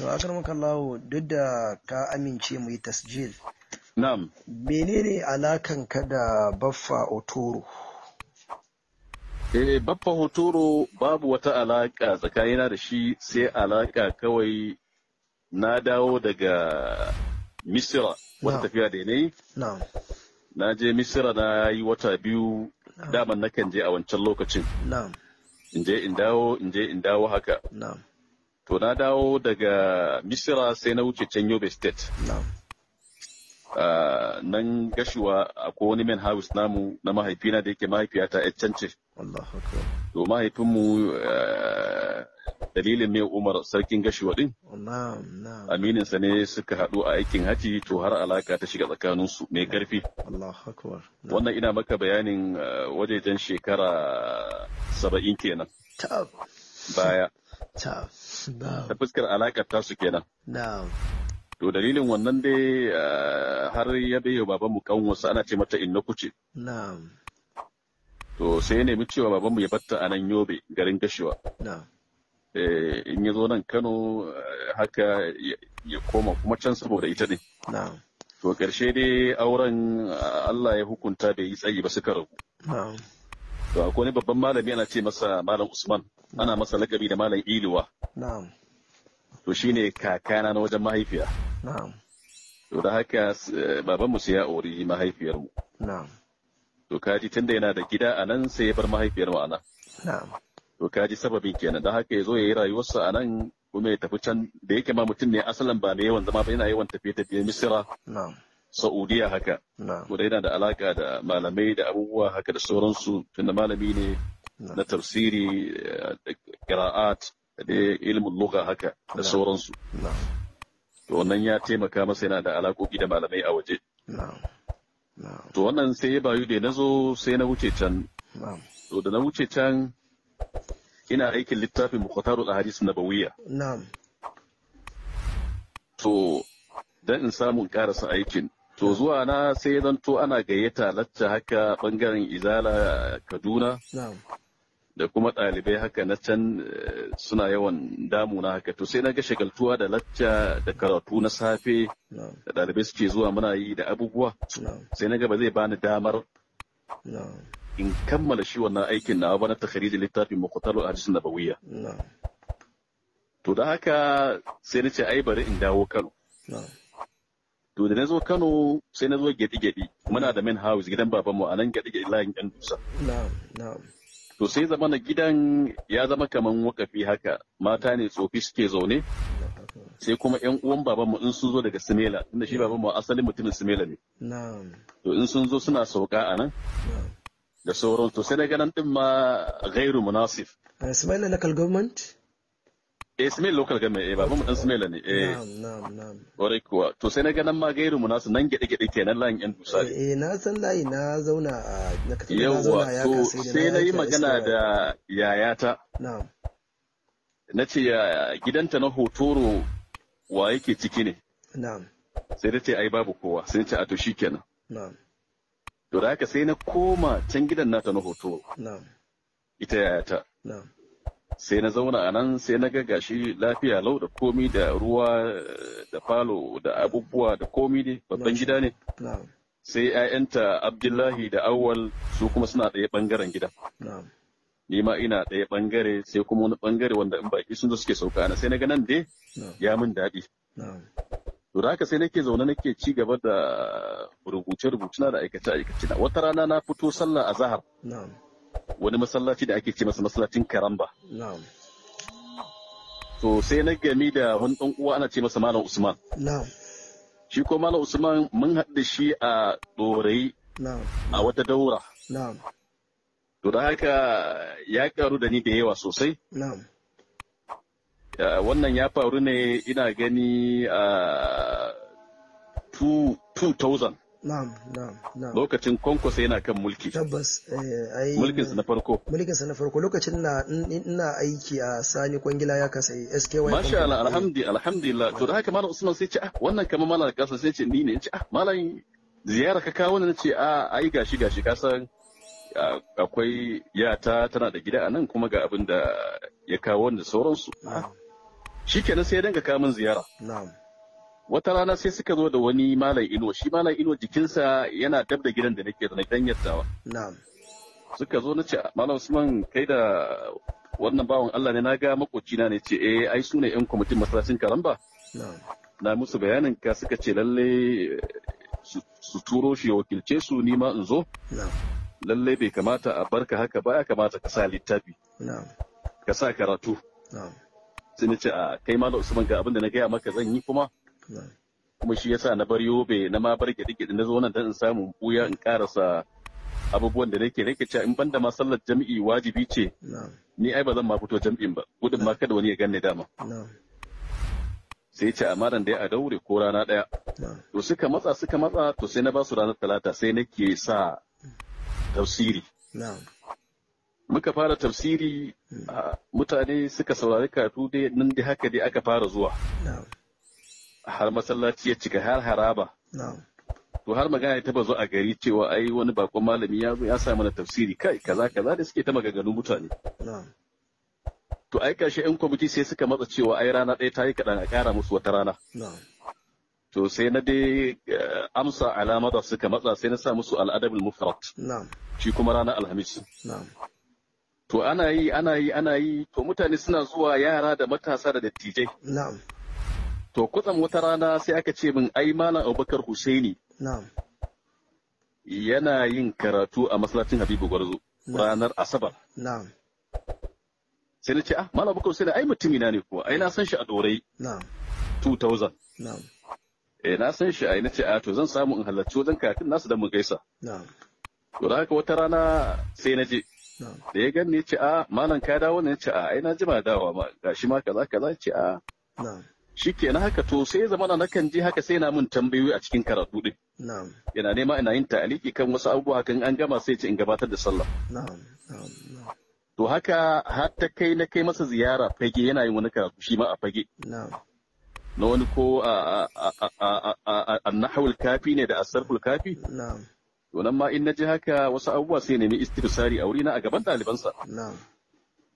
to akar makallawo duk da ka amince mu yi tasjil na'am menene alakan ka da baffa otoro eh baffa otoro babu wata alaka tsakanina da shi sai alaka kawai na dawo daga misira wata tafiya da ne na je misira na yi wata biyu daman na kan je a wancan lokacin in je in dawo in je in dawo haka To na dawo daga Misira sai na wuce can Yobe State. Ah, nan gashuwa akwai wani men house namu na mahaifina da yake mahaifiyata ya cance. To mahaifinmu ah, dalilin mai Umar sarkin gashuwa din. Amininsa ne suka haɗu a aikin haji to har alaka ta shiga tsakaninsu mai ƙarfi. Wannan ina maka bayanin ah, wajejen shekara saba'in kenan. Baya. ta fuskar alaƙar su kenan to dalilin wannan dai eh, har ya baiwa babanmu kanwarsa ana ce mata inna kuce to sai ya nemi cewa babanmu ya batta a nan yobe garin gashiwa eh, in ya zo nan kano eh, haka ya koma kuma can saboda ita ne to ƙarshe dai auren allah ya hukunta bai yi tsayi ba suka rabu to akwai ne babban malami ana ce masa malam usman ana masa lakabi da malam iluwa na'am to shine kakana na wajen mahaifiya to da haka eh, babanmu sai ya ori mahaifiyarmu to kaji tunda yana da gida a nan sai ya bar mahaifiyarmu a nan to kaji sababin kenan da haka ya zo ya yi rayuwarsa a nan kuma ya tafi can da yake ma mutum ne asalin ba mai yawan zama ba yana yawan tafiye-tafiye misira Saudiya haka. Wanda yana da alaka da malamai da abubuwa haka da sauransu tunda malami ne na tafsiri eh, da kira'at da ilmin lugha haka da sauransu. To wannan ya taimaka masa yana da alakoki da malamai a waje. To wannan sai ya bayu da na zo sai na wuce can. To da na wuce can ina aikin littafin Mukhtarul Ahadis Nabawiyya. Na'am. To dan in samu karasa aikin To zuwa na sai zan to ana gayyata lacca haka bangaren Izala Kaduna. Da kuma ɗalibai haka na can eh, suna yawan damuna haka. To sai na ga shagaltuwa da lacca da karatu na safe da ɗalibai suke zuwa muna yi da abubuwa. Sai na ga ba zai bani damar in kammala shi wannan aikin na ba na da littafin a jisun nabawiyya to da haka sai na ce ai bari in dawo Kano to da na zo kano sai na zo gyaɗi-gyaɗi muna da main house gidan babanmu a nan gyaɗi-gyaɗi layin ɗan dusa to sai zama na gidan ya zama kaman wakafi haka mata ne tsofi suke zaune sai kuma yan uwan babanmu in sun zo daga simela tunda shi babanmu asalin mutumin simela ne to in sun zo suna sauka a nan da sauran to sai na ganin ɗin ma gairu munasif simela local government eh smell local government eh mu dan smell ne eh na'am na'am kwarai kuwa to sai na ga nan ma gairu mu nasu nan gede gede kenan layin yan dusa eh na san layi na zauna a na kasance na zauna ya ka sai sai na yi magana da yayata na'am na ce ya gidanta na hotoro wa yake ciki ne na'am sai ta ce ai babu kowa sai ce a to shikenan na'am to da haka sai na koma can gidan nata na hotoro na'am ita yayata na'am sai na zauna a nan sai na ga gashi lafiya lau da komi da ruwa da falo da abubuwa da komi ne. babban gida ne sai 'ya'yanta abdullahi da awwal su kuma suna ɗaya ɓangaren gida ni ma ina ɗaya ɓangare sai kuma wani ɓangare wanda in baki sun zo suke sauka na sai na ga nan dai ya min daɗi to da haka sai nake zaune nake ci gaba da rubuce-rubuce na da aikace-aikace na wata rana na fito sallah a zahar wani masallaci da ake ce masa masallacin karamba to sai na gami da wani ɗan uwa ana ce masa malam usman shi ko malam usman mun haɗu da shi a ɗorayi a wata daura to da haka ya karu da ni da yawa sosai wannan ya faru ne ina gani a 2000 Na'am, na'am, na'am. Lokacin Kwankwaso yana kan mulki. Tabbas, eh, su na farko. Mulkin su na farko lokacin na ina aiki a Sani Kwangila ya kasa SKY. Masha Allah, alhamdi, alhamdulillah. To da haka Malam Usman sai ce, ah, wannan kamar Malam Kasa sai ce ni ne, ce ah, Malam ziyara ka kawo na ce a ai gashi gashi ka san akwai yata tana da gida a nan kuma ga abin da ya kawo da sauransu. Shikenan sai ya danga kawo min ziyara. Na'am. wata rana sai suka zo da wani malam ino shi malam ino jikinsa yana dab da gidan da nake da dan yaddawa na'am suka zo na ce malam usman kai da wannan bawan Allah ne na ga na ne ce eh ai su ne yan kwamitin masallacin karamba na musu bayanin ka suka ce lalle su turo shi ya wakilce su ni ma in zo lalle bai kamata a barka haka ba ya kamata ka sa littafi ka sa karatu sai na ce a kai malam usman ga abin da na gaya maka zan yi kuma kuma shi yasa na bar yobe na ma bar gidi na zo nan dan in samu buya in karasa abubuwan da nake nake cewa in banda ma sallar jami'i wajibi ce ni ai ba zan ma fito jami'in ba gudun ma kada wani ya ganni dama sai ce a maran dai a daure ko rana daya to suka matsa suka matsa to sai na ba su ranar talata sai nake sa tafsiri muka fara tafsiri hmm. mutane suka saurari karatu dai nan dai haka dai aka fara zuwa har masallaci ya cika har haraba to har magana ta bazo a gari cewa ai wani bakon malami ya zo ya sa mana tafsiri kai kaza kaza da suke ta maganganu mutane to ai kashi yan kwamiti sai suka matsa cewa ai rana ɗaya ta yi kaɗan a ƙara musu wata rana to sai na dai eh, amsa alama da suka matsa sai na sa musu al'adabul mufarat. shi kuma rana alhamis to ana yi ana yi ana yi to mutane suna zuwa yara da matasa da dattijai to kutsam wata rana sai aka ce min ai malam abubakar husaini yana yin karatu a masallacin habibu gwarzo ranar asabar sai na ce ah malam abubakar husaini ai mutumina ne kuwa ai na san shi a dorai 2000 eh na san shi ai na ce a ah, to zan samu in halarci wajen kafin nasu da mun gaisa to da haka wata rana sai na je da ya gani ya ce a ah, malam ka dawo ne ya ce a ah, ai na jima dawa ma gashi ma kaza kaza ya ce a na haka to sai zamana na kan je haka sai na mun tambayoyi a cikin karatu din yana nema ina yin ta'aliki kan wasu abubuwa hakan an gama sai ce in gabatar da sallah to haka har ta kai na kai masa ziyara fage yana yin wani karatu shi ma a fage na wani ko a nahawul kafi ne da asarful kafi to nan ma in na ji haka wasu abubuwa sai nemi istirsari a wuri na a gaban ɗalibansa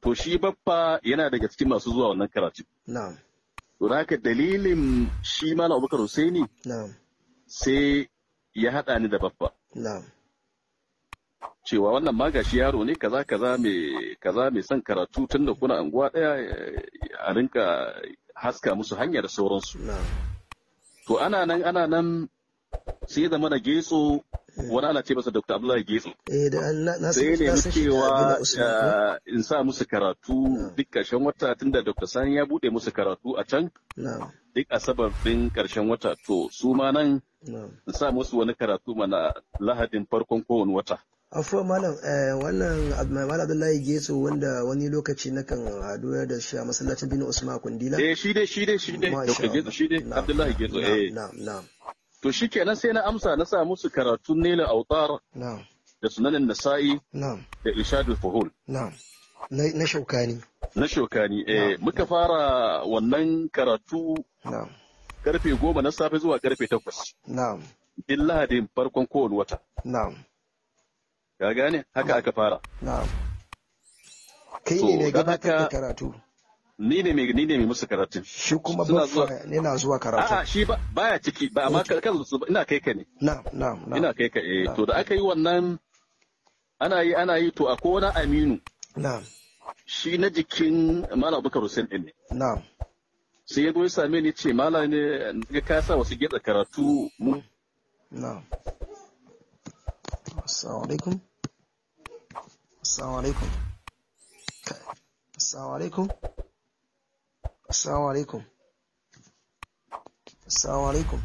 to shi baffa yana daga cikin masu zuwa wannan karatu to dalilin shi malam abubakar Hussaini sai ya haɗa ni da babba cewa wannan magashi yaro ne kaza kaza mai kaza mai son karatu tun da kuna anguwa ɗaya a rinka haska musu hanyar sauransu to ana nan ana nan sai zama na getso wani ana ce masa Dr. Abdullahi Getsu. Eh, Sai ne cewa eh, in sa musu karatu duk ƙarshen wata Tun da Dr. Sani ya bude musu karatu a can. Duk asabar ɗin ƙarshen wata to su ma nan in sa musu wani karatu mana lahadin farkon kowane wata. afuwa malam eh, wannan Abdullahi abdullahi getso wanda wani lokaci na kan haduwa da shi a masallacin bin usman kundila eh shi dai shi dai shi dai shi dai abdullahi getso eh na'am na'am To shi kenan sai na amsa na sa musu karatun Nila Autar da sunanin Nasa'i da Ishadul Fuhul. Na shaukani. Na shaukani. Eh, muka fara wannan karatu karfe goma na safe zuwa karfe takwas. Na'am. lahadin farkon kowane wata. Na'am. Ka gane? Haka aka fara. Na'am. Kai ne ne gabatar da karatu. ni ne mai ni ne mai musu karatu shi kuma ne na zuwa karatu a'a shi ba baya ciki ba amma kan su ina kai ka ne ina kai ka eh to da aka yi wannan ana yi ana yi to akwai wani Aminu shi na jikin Malam Abubakar Hussein din ne sai ya goyi ya same ni ce malam ne ga ka sa wasu gida karatu mu na'am assalamu alaikum assalamu alaikum assalamu alaikum Assalamu alaikum. Assalamu alaikum.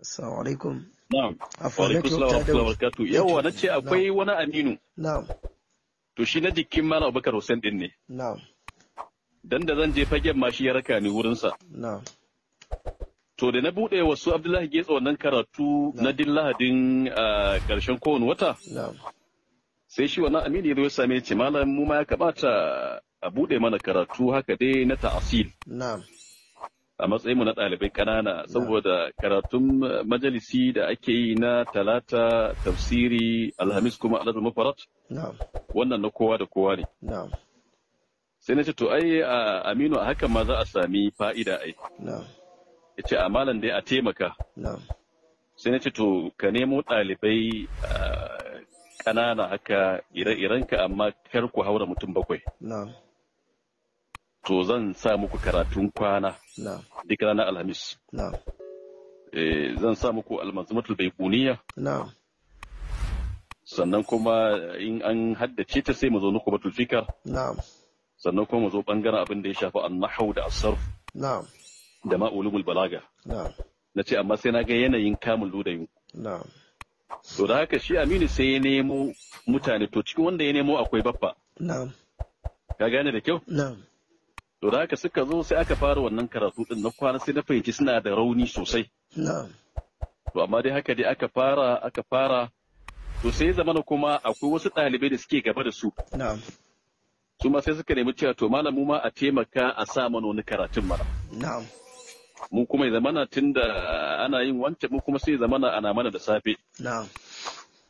Assalamu alaikum. Na'am. Wa Alaikum salam wa rahmatullahi wa barakatuh. Yawa nace akwai wani Aminu. Na'am. To shi na jikin Malam Abubakar Hussein din ne. Na'am. Dan da zan je fagen ma shi ya raka ni wurin sa. Na'am. To da na bude wasu Abdullahi Getsa wannan karatu na din Lahadin karshen ah, kowane wata. Na'am. sai shi wannan aminu ya zo ya same ce malam mu ma ya kamata a bude mana karatu haka dai na ta'asil a matsayin mu na ɗalibai ƙanana saboda karatun majalisi da ake yi na talata tafsiri alhamis kuma alhamis mafarat wannan na kowa da kowa ne sai na ce to ai a aminu a hakan ma za a sami fa'ida ai ya ce a malam dai a taimaka sai na ce to ka nemo ɗalibai ƙanana haka ire-irenka amma kar ku haura mutum bakwai. To zan sa muku karatun kwana duk ranar Alhamis. Eh, zan sa muku almanzumatul baikuniya. Sannan kuma in an haddace ta sai mu zo nuku batul fikar. Sannan kuma mu zo bangaren abin da ya shafi nahau da asar. Da ma'ulumul balaga. Na ce amma sai na ga yanayin kamun ludayin. to da haka shi aminu sai ya nemo mutane to cikin wanda ya nemo akwai baffa na'am ka gane da kyau na'am to da haka suka zo sai aka fara wannan karatu din na kwana sai na fahimci suna da rauni sosai na'am to amma dai haka dai aka fara aka fara to sai zamana kuma akwai wasu ɗalibai da suke gaba da su na'am su sai suka nemi cewa to malamu ma a taimaka a sa mana wani karatun mana na'am mu kuma ya zamana tun da ana yin wancan mu kuma sai ya zamana ana mana da safe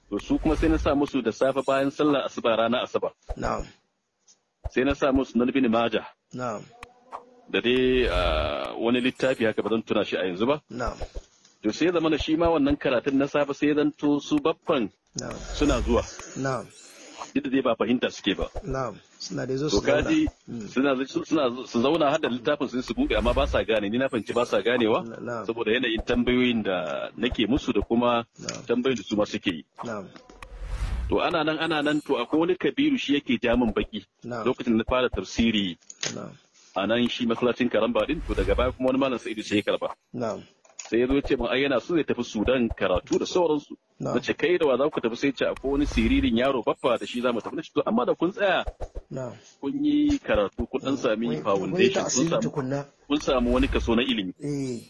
to su kuma sai na sa musu da safe bayan sallar asuba rana asuba sai na sa musu nan bin maja da dai ah, wani littafi haka ba zan tuna shi a yanzu ba to sai ya zamana shi ma wannan karatun na safe sai zan to su babban suna zuwa duk da zai ba fahimta suke ba suna da zo su kaji hmm. suna su zauna har da littafin sun su buɗe amma ba sa gane ni na fahimci ba sa ganewa saboda yanayin tambayoyin da nake musu da kuma tambayoyin da su ma suke yi to ana nan ana nan to akwai wani kabiru shi yake jamin baki lokacin na fara tafsiri a nan shi masallacin karamba din to daga baya kuma wani malam sa'idu sai ya karba sai zo ce ai yana so zai tafi Sudan karatu da sauransu na ce kai da wa za ku tafi sai ce akwai wani siririn yaro baffa da shi za mu tafi na to amma da kun tsaya kun yi karatu kun dan sami foundation kun samu wani kaso na ilimi eh.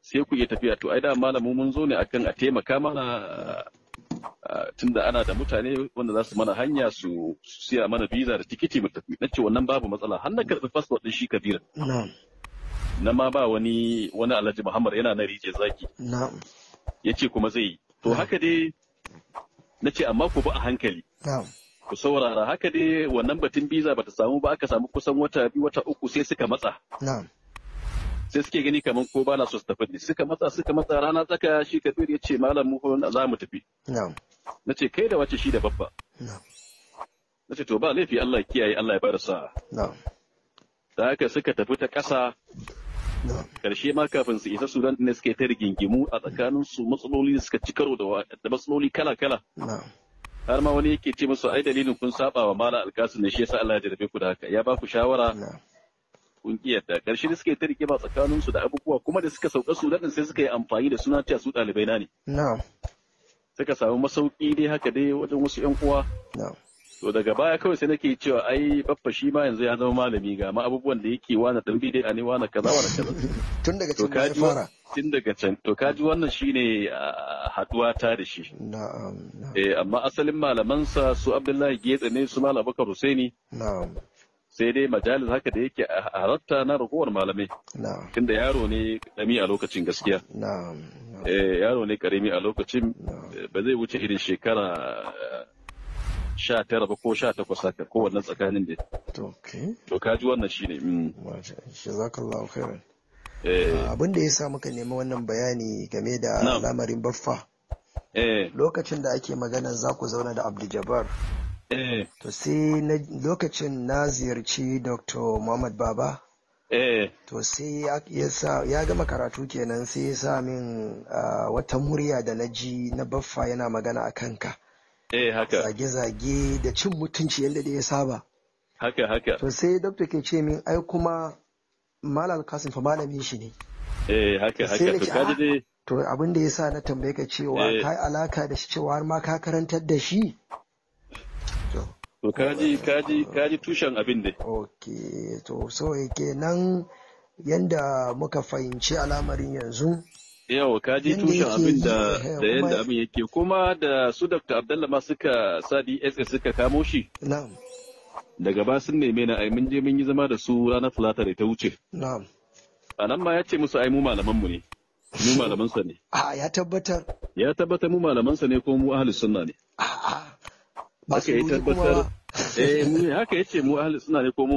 sai ku iya tafiya to ai da malamu mun zo ne akan a taimaka mana tunda ana da mutane wanda za su mana hanya su siya mana visa da tikiti mu tafi na ce wannan babu matsala har na karɓi fasfot ɗin shi kabira na ma ba wani wani alhaji muhammad yana na rije zaki ya ce kuma zai yi to haka dai na ce amma ku bi a hankali ku saurara haka dai wannan batun biza bata samu ba aka samu kusan wata biyu wata uku sai suka matsa sai suke gani kamar ko ba na so su tafi ne suka matsa suka matsa rana tsaka shi kabir ya ce malam muhun za mu tafi na ce kai da wace shi da babba na ce to ba laifi Allah kiyaye Allah ya bar sa'a da haka suka tafi ta ƙasa karshe ma kafin su isa sudan ne suke ta rigingimu a tsakanin su matsaloli da suka ci karo da matsaloli kala kala har ma wani yake ce musu ai dalilin kun saba wa mala alkasu ne shi yasa Allah ya jarabe ku da haka ya ba ku shawara kun kiyarta karshe da suke ta rike ba tsakanin su da abubuwa kuma da suka sauka sudan din sai suka yi amfani da suna cewa su ɗalibai na ne suka samu masauki dai haka dai wajen wasu yan uwa to daga baya kawai sai nake cewa ai baffa shi ma yanzu ya zama malami ga ma abubuwan da yake wani dan bidai a ne wani kaza wani kaza tun daga can ya fara tun daga can to kaji wannan shine haduwa ta da shi na'am eh amma asalin malaman sa su Abdullahi Getsa ne su Malam Bakar Husaini na'am sai dai majalis haka da yake a halatta na ragowar malamai tunda yaro ne karami a lokacin gaskiya eh, yaro ne karami a lokacin eh, ba zai wuce irin shekara sha tara ba ko sha takwas haka tsakanin da to ka wannan shi ne mm. eh. ah, abin da ya sa muka nemi wannan bayani game da lamarin baffa eh. lokacin da ake magana za ku zauna da abdul eh. to sai lokacin na ziyarci dr muhammad baba to sai ya gama karatu kenan sai ya sa min ah, wata murya da na ji na baffa yana magana a kanka Eh, zage-zage da cin mutunci yadda da ya saba haka haka to sai dokta ke ce min ai kuma malal kasin fa malamin shi ne eh haka haka to kaji ah, dai to abin da ya sa na tambaye ka cewa eh. kai alaka da shi cewa har ma ka karantar da shi to kaji kaji kaji tushen abin da. Ok, to so nan yanda muka fahimci al'amarin yanzu Yawa ka ji tushen abin da da yadda abin yake kuma da su Dr. abdullahi ma suka sa DSS suka kamo shi. Na'am. Daga ba sun neme na ai mun je mun yi zama da su ranar Talata da ta wuce. Na'am. A nan ma ya ce musu ai mu malaman mu ne. Mu malaman sa ne. A ah, ya tabbatar. Ya tabbatar mu malaman sa ne ko mu ahli sunna ne. A'a. Ah, ah. Ba su tabbatar. Eh mu haka yace mu ahli sunna ne ko mu